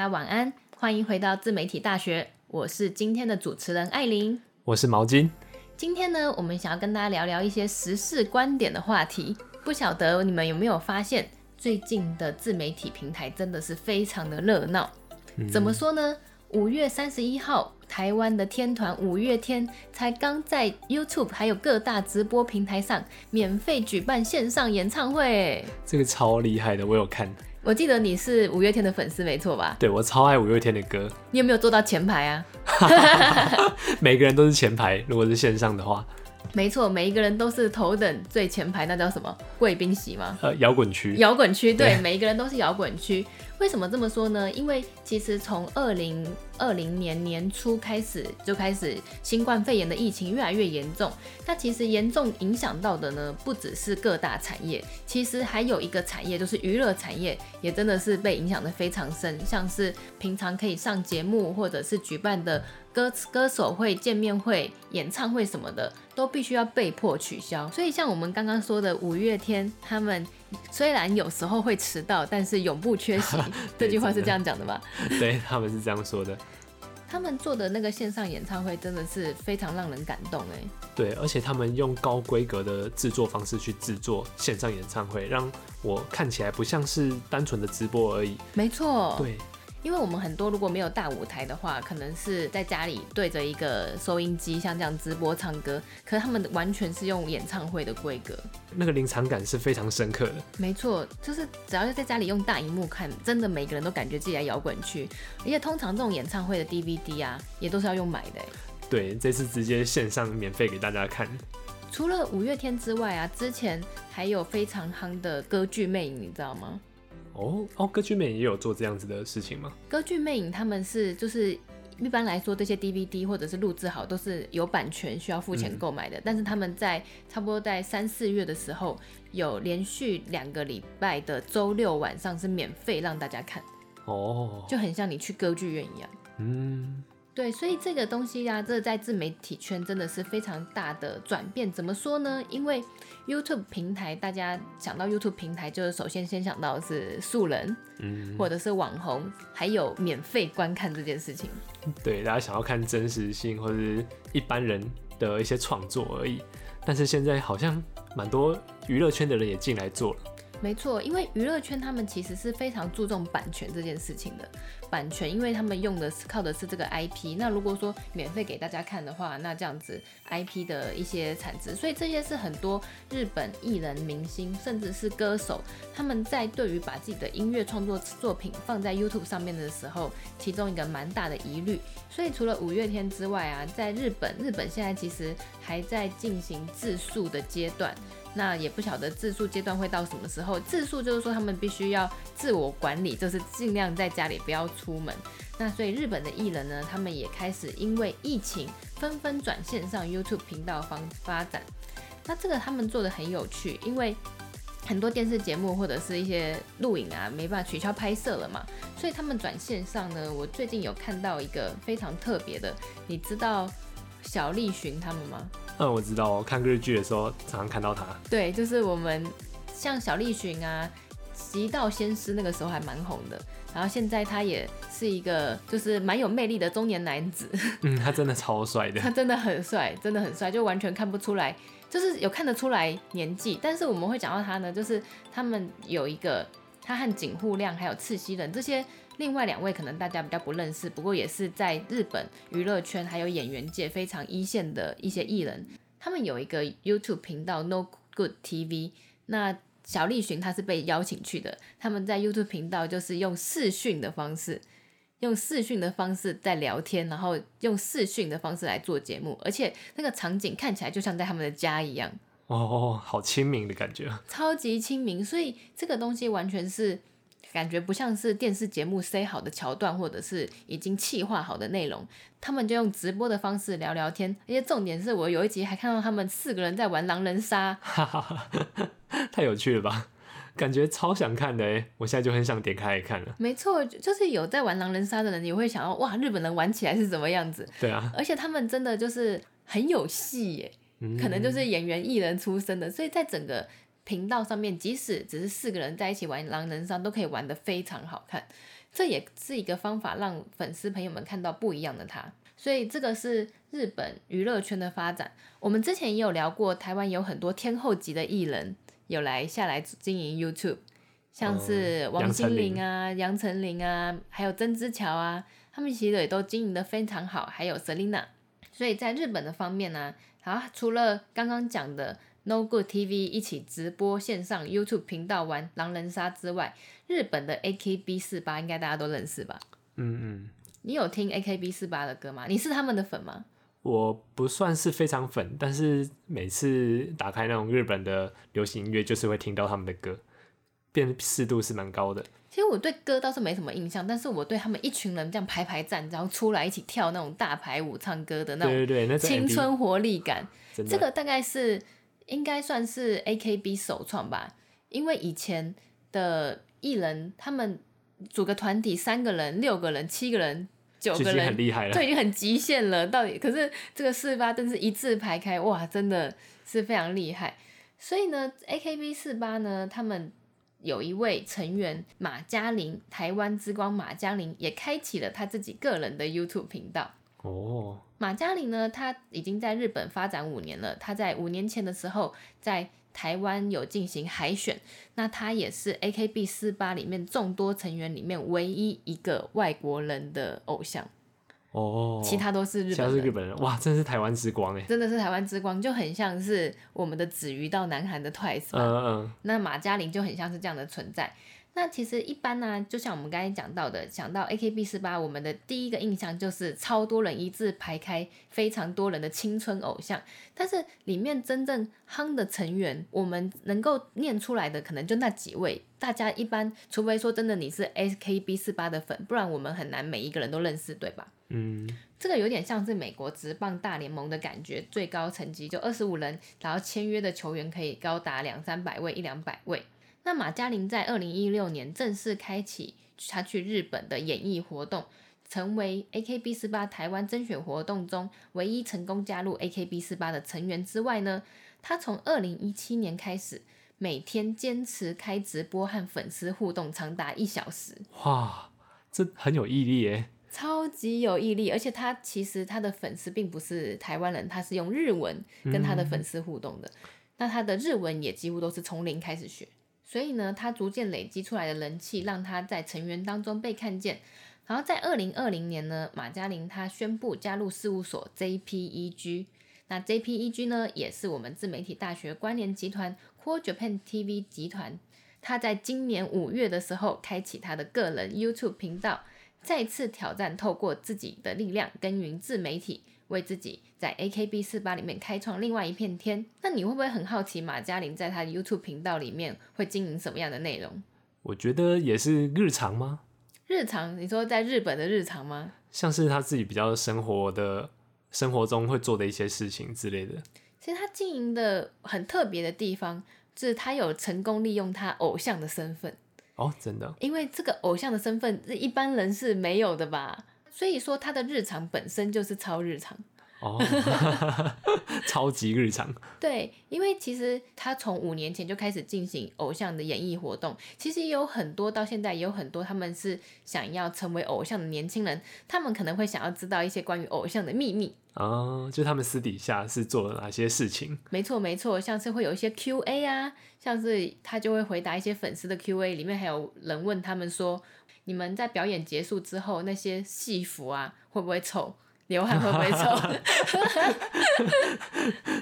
大家晚安，歡迎回到自媒體大學，我是今天的主持人艾琳，我是毛巾。今天呢，我們想要跟大家聊聊一些時事觀點的話題。不曉得你們有沒有發現，最近的自媒體平台真的是非常的熱鬧。嗯。怎麼說呢？五月三十一號，台灣的天團五月天才剛在 YouTube 還有各大直播平台上免費舉辦線上演唱會，這個超厲害的，我有看。我記得你是五月天的粉絲，沒錯吧？對，我超愛五月天的歌。你有沒有坐到前排啊？ 每個人都是前排，如果是線上的話。沒錯，每一個人都是頭等最前排，那叫什麼？貴賓席嗎？呃，搖滾區。搖滾區，對，對每一個人都是搖滾區。為什麼這麼說呢？因為其實從二零二零年年初開始，就開始新冠肺炎的疫情越來越嚴重，那其實嚴重影響到的呢，不只是各大產業，其實還有一個產業就是娛樂產業，也真的是被影響得非常深。像是平常可以上節目或者是舉辦的。歌歌手會、見面會、演唱會什麼的，都必須要被迫取消。所以像我們剛剛說的，五月天他們雖然有時候會遲到，但是永不缺席。 對這句話是這樣講的吧？對，他們是這樣說的。他們做的那個線上演唱會真的是非常讓人感動哎。對，而且他們用高規格的制作方式去制作線上演唱會，讓我看起來不像是單純的直播而已。沒錯錯。對。因為我們很多如果沒有大舞台的話，可能是在家裡對着一個收音機像這樣直播唱歌，可是他們完全是用演唱會的規格，那個臨場感是非常深刻的。沒錯，就是只要是在家裡用大熒幕看，真的每個人都感覺自己在搖滾區。而且通常這種演唱會的 DVD 啊，也都是要用買的。對，這次直接線上免費給大家看。除了五月天之外啊，之前還有非常夯的《歌劇魅影》，你知道嗎？哦哦，歌劇魅影也有做這樣子的事情嗎？歌劇魅影他們是就是一般來說，這些 DVD 或者是錄製好都是有版權，需要付錢購買的。嗯、但是他們在差不多在三四月的時候，有連續兩個禮拜的週六晚上是免費讓大家看哦，就很像你去歌劇院一樣。嗯。對，所以這個東西呀，這在自媒體圈真的是非常大的轉變。怎麼說呢？因為 YouTube 平台，大家想到 YouTube 平台，就是首先先想到是素人，嗯，或者是網紅，還有免費觀看這件事情。對，大家想要看真實性或者是一般人的一些創作而已。但是現在好像蠻多娛樂圈的人也進來做了。沒錯，因為娛樂圈他們其實是非常注重版權這件事情的版權，因為他們用的是靠的是這個 IP。那如果說免費給大家看的話，那這樣子 IP 的一些產值，所以這些是很多日本藝人、明星甚至是歌手他們在對於把自己的音樂創作作品放在 YouTube 上面的時候，其中一個蠻大的疑慮。所以除了五月天之外啊，在日本，日本現在其實還在進行自肅的階段。那也不曉得自肅階段會到什麼時候。自肅就是說他們必須要自我管理，就是盡量在家裡不要出門。那所以日本的藝人呢，他們也開始因為疫情紛紛轉線上 YouTube 頻道方發展。那這個他們做得很有趣，因為很多電視節目或者是一些錄影啊，沒辦法取消拍攝了嘛，所以他們轉線上呢。我最近有看到一個非常特別的，你知道小栗旬他們嗎？嗯，我知道哦，我看日劇的時候常常看到他。對，就是我們像小栗旬啊，《極道鮮師》那個時候還蠻紅的，然後現在他也是一個就是蠻有魅力的中年男子。嗯，他真的超帥的。他真的很帥，真的很帥，就完全看不出來，就是有看得出來年紀。但是我們會講到他呢，就是他們有一個他和錦戶亮還有赤西仁這些。另外兩位可能大家比較不認識，不過也是在日本娛樂圈還有演員界非常一線的一些藝人。他們有一個 YouTube 頻道 No Good TV，那小栗旬他是被邀請去的。他們在 YouTube 頻道就是用視訊的方式，用視訊的方式在聊天，然後用視訊的方式來做節目，而且那個場景看起來就像在他們的家一樣。哦，哦，好親民的感覺，超級親民。所以這個東西完全是。感覺不像是電視節目塞好的橋段，或者是已經企劃好的內容。他們就用直播的方式聊聊天，而且重點是我有一集還看到他們四個人在玩狼人殺，哈哈哈哈，太有趣了吧！感覺超想看的，誒，我現在就很想點開來看了。沒錯，就是有在玩狼人殺的人也會想要，哇，日本人玩起來是怎麼樣子？對啊，而且他們真的就是很有戲耶，嗯、可能就是演員藝人出身的，所以在整個。頻道上面，即使只是四個人在一起玩狼人殺，都可以玩得非常好看。這也是一個方法，讓粉絲朋友們看到不一樣的他。所以這個是日本娛樂圈的發展。我們之前也有聊過，台灣有很多天後級的藝人有來下來經營 YouTube，像是王心凌啊、嗯、楊丞琳啊，還有曾之喬啊，他們其實也都經營得非常好。還有 Selina，所以在日本的方面呢、啊，好，除了剛剛講的。No Good TV 一起直播線上 YouTube 頻道玩狼人殺之外，日本的 A K B 四八應該大家都認識吧？嗯嗯。你有聽 A K B 四八的歌嗎？你是他們的粉嗎？我不算是非常粉，但是每次打開那種日本的流行音樂，就是會聽到他們的歌，辨識度是蠻高的。其實我對歌倒是沒什麼印象，但是我對他們一群人這樣排排站，然後出來一起跳那種大排舞、唱歌的那種，對對對，青春活力感，對對對這, v, 這個大概是。應該算是 AKB 首創吧，因為以前的藝人他們組個團體，三個人、六個人、七個人、九個人，就已經很厲害了，對很極限了。到底，可是這個四八真是一字排開，哇，真的是非常厲害。所以呢，AKB 四八呢，他們有一位成員馬嘉伶，台灣之光馬嘉伶也開啟了他自己個人的 YouTube 頻道。哦，oh. 馬嘉伶呢，他已經在日本發展五年了。他在五年前的時候在台灣有進行海選，那他也是 AKB 四八裡面眾多成員裡面唯一一個外國人的偶像。哦，oh. 其他都是日本人，其他是日本人。哇，真的是台灣之光哎，真的是台灣之光，就很像是我們的子瑜到南韓的 Twice。嗯嗯、uh，uh. 那馬嘉伶就很像是這樣的存在。那其實一般呢、啊，就像我們剛才講到的，講到 AKB 四八，我們的第一個印象就是超多人一字排開，非常多人的青春偶像。但是裡面真正夯的成員，我們能夠念出來的可能就那幾位。大家一般，除非說真的你是 AKB 四八的粉，不然我們很難每一個人都認識，對吧？嗯，這個有點像是美國職棒大聯盟的感覺，最高層級就二十五人，然後簽約的球員可以高達兩三百位，一兩百位。那馬嘉伶在二零一六年正式開啟她去日本的演藝活動，成為 AKB 四八台灣甄選活動中唯一成功加入 AKB 四八的成員之外呢，她從二零一七年開始每天堅持開直播和粉絲互動長達一小時。哇，這很有毅力耶！超級有毅力，而且她其實她的粉絲並不是台灣人，她是用日文跟她的粉絲互動的。嗯、那她的日文也幾乎都是從零開始學。所以呢，他逐漸累積出來的人氣，讓他在成員當中被看見。然後在二零二零年呢，馬嘉伶他宣布加入事務所 J P E G。那 J P E G 呢，也是我們自媒體大學關聯集團 Core Japan T V 集團。他在今年五月的時候，開啟他的個人 YouTube 頻道，再次挑戰透過自己的力量耕耘自媒體。為自己在 AKB48 裡面開創另外一片天，那你會不會很好奇馬嘉伶在她的 YouTube 頻道裡面會經營什麼樣的內容？我覺得也是日常嗎？日常？你說在日本的日常嗎？像是他自己比較生活的生活中會做的一些事情之類的。其實他經營的很特別的地方，就是他有成功利用他偶像的身份。哦，真的？因為這個偶像的身份，是一般人是沒有的吧？所以說他的日常本身就是超日常，哦， 超級日常。對，因為其實他從五年前就開始進行偶像的演藝活動，其實也有很多到現在也有很多他們是想要成為偶像的年輕人，他們可能會想要知道一些關於偶像的秘密。哦，uh, 就他們私底下是做了哪些事情？沒錯沒錯，像是會有一些 Q&A 啊，像是他就會回答一些粉絲的 Q&A，裡面還有人問他們說，你們在表演結束之後，那些戲服啊會不會臭？流汗會不會臭？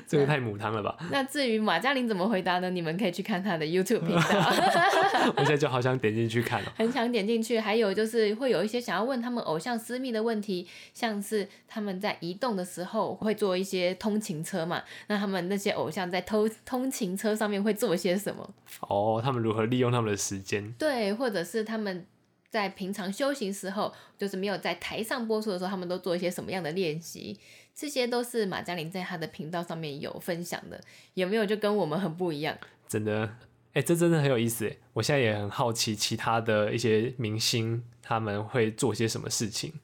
這 個 太母湯了吧。嗯、那至於馬嘉伶怎麼回答呢？你們可以去看她的 YouTube 頻道。 我現在就好想點進去看，喔，很想點進去，還有就是會有一些想要問他們偶像私密的問題，像是他們在移動的時候會坐一些通勤車嘛？那他們那些偶像在偷通勤車上面會做些什麼？哦，他們如何利用他們的時間？對，或者是他們。在平常修行時候，就是沒有在台上播出的時候，他們都做一些什麼樣的練習？這些都是馬嘉伶在他的頻道上面有分享的，有沒有就跟我們很不一樣？真的，哎、欸，這真的很有意思。我現在也很好奇，其他的一些明星他們會做些什麼事情？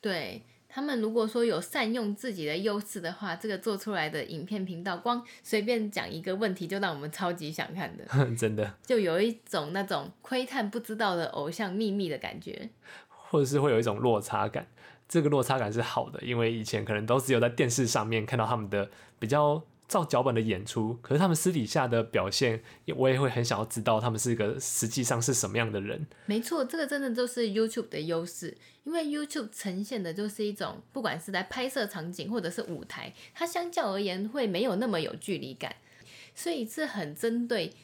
對。他們如果說有善用自己的優勢的話，這個做出來的影片頻道，光隨便講一個問題就讓我們超級想看的。 真的，就有一種那種窺探不知道的偶像秘密的感覺，或者是會有一種落差感。這個落差感是好的，因為以前可能都只有在電視上面看到他們的比較。照腳本的演出，可是他們私底下的表現，我也會很想要知道他們是一個實際上是什麼樣的人。沒錯，這個真的就是 YouTube 的優勢，因為 YouTube 呈現的就是一種，不管是在拍攝場景或者是舞臺，它相較而言會沒有那麼有距離感，所以是很針對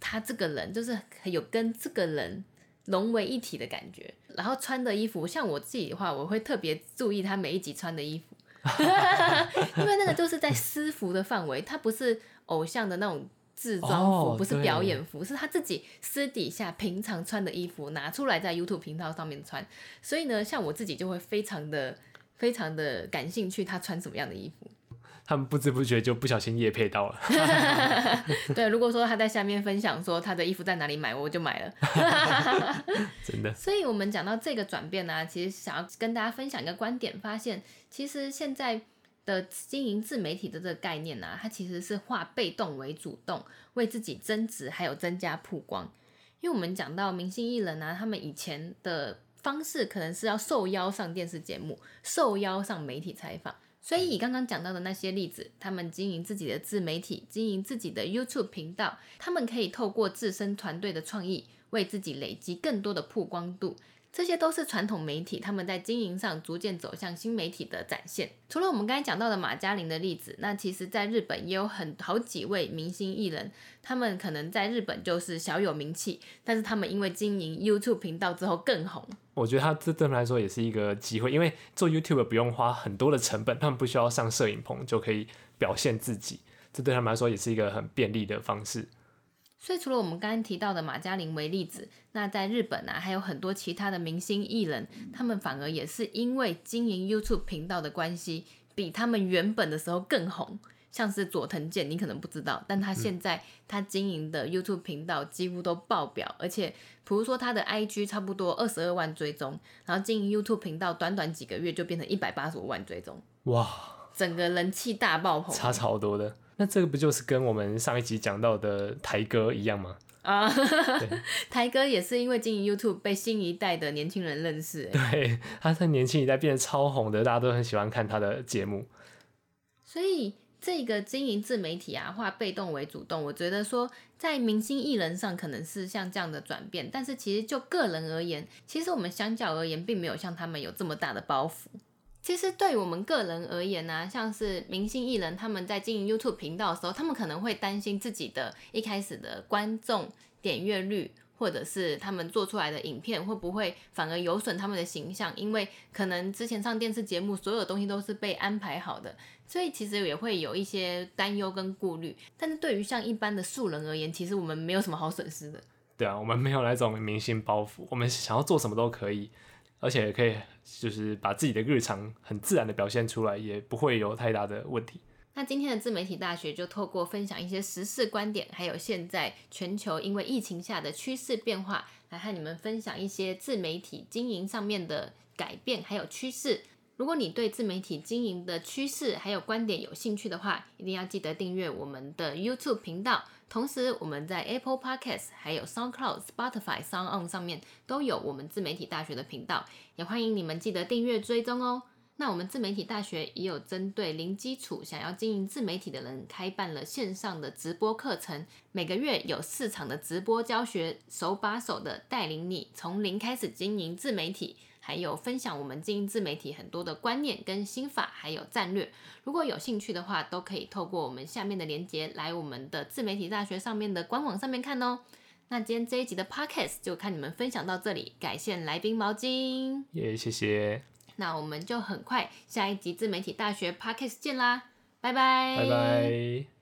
他這個人，就是很有跟這個人融為一體的感覺。然後穿的衣服，像我自己的話，我會特別注意他每一集穿的衣服。 因為那個就是在私服的範圍，他不是偶像的那種製裝服，哦、不是表演服。對是他自己私底下平常穿的衣服拿出來在 YouTube 頻道上面穿。所以呢，像我自己就會非常的、非常的感興趣他穿什麼樣的衣服。他們不知不覺就不小心業配到了。 對，如果說他在下面分享說他的衣服在哪裡買，我就買了。 真的。所以我們講到這個轉變呢、啊，其實想要跟大家分享一個觀點，發現。其實現在的經營自媒體的這個概念呢，啊，它其實是化被動為主動，為自己增值還有增加曝光。因為我們講到明星藝人啊，他們以前的方式可能是要受邀上電視節目，受邀上媒體採訪。所以，以剛剛講到的那些例子，他們經營自己的自媒體，經營自己的 YouTube 頻道，他們可以透過自身團隊的創意，為自己累積更多的曝光度。這些都是傳統媒體，他們在經營上逐漸走向新媒體的展現。除了我們剛才講到的馬嘉伶的例子，那其實，在日本也有很好幾位明星藝人，他們可能在日本就是小有名氣，但是他們因為經營 YouTube 頻道之後更紅。我覺得他這對他們來說也是一個機會，因為做 YouTube 不用花很多的成本，他們不需要上攝影棚就可以表現自己，這對他們來說也是一個很便利的方式。所以除了我們剛剛提到的馬嘉伶為例子，那在日本啊，還有很多其他的明星藝人，他們反而也是因為經營 YouTube 頻道的關係，比他們原本的時候更紅。像是佐藤健，你可能不知道，但他現在他經營的 YouTube 頻道幾乎都爆表，嗯、而且比如說他的 IG 差不多二十二萬追蹤，然後經營 YouTube 頻道短短幾個月就變成一百八十五萬追蹤，哇，整個人氣大爆紅，差超多的。那這個不就是跟我們上一集講到的台哥一樣嗎？啊，台哥也是因為經營 YouTube 被新一代的年輕人認識欸，對，他在年輕一代變得超紅的，大家都很喜歡看他的節目。所以這個經營自媒體啊，化被動為主動，我覺得說在明星藝人上可能是像這樣的轉變，但是其實就個人而言，其實我們相較而言並沒有像他們有這麼大的包袱。其實對我們個人而言呢、啊，像是明星藝人他們在經營 YouTube 頻道的時候，他們可能會擔心自己的一開始的觀眾點閱率，或者是他們做出來的影片會不會反而有損他們的形象，因為可能之前上電視節目所有東西都是被安排好的，所以其實也會有一些擔憂跟顧慮。但是對於像一般的素人而言，其實我們沒有什麼好損失的。對啊，我們沒有那種明星包袱，我們想要做什麼都可以。而且也可以，就是把自己的日常很自然的表現出來，也不會有太大的問題。那今天的自媒體大學就透過分享一些時事觀點，還有現在全球因為疫情下的趨勢變化，來和你們分享一些自媒體經營上面的改變還有趨勢。如果你對自媒體經營的趨勢還有觀點有興趣的話，一定要記得訂閱我們的 YouTube 頻道。同時，我們在 Apple Podcast 還有 SoundCloud、Spotify、Sound On 上面都有我們自媒體大學的頻道，也歡迎你們記得訂閱追蹤哦。那我們自媒體大學也有針對零基礎想要經營自媒體的人，開辦了線上的直播課程，每個月有四場的直播教學，手把手的帶領你從零開始經營自媒體。還有分享我們經營自媒體很多的觀念跟心法，還有戰略。如果有興趣的話，都可以透過我們下面的鏈接來我們的自媒體大學上面的官網上面看哦、喔。那今天這一集的 Podcast 就看你們分享到這裡，感謝來賓毛巾，耶，yeah, 謝謝。那我們就很快下一集自媒體大學 Podcast 見啦，拜拜，拜拜。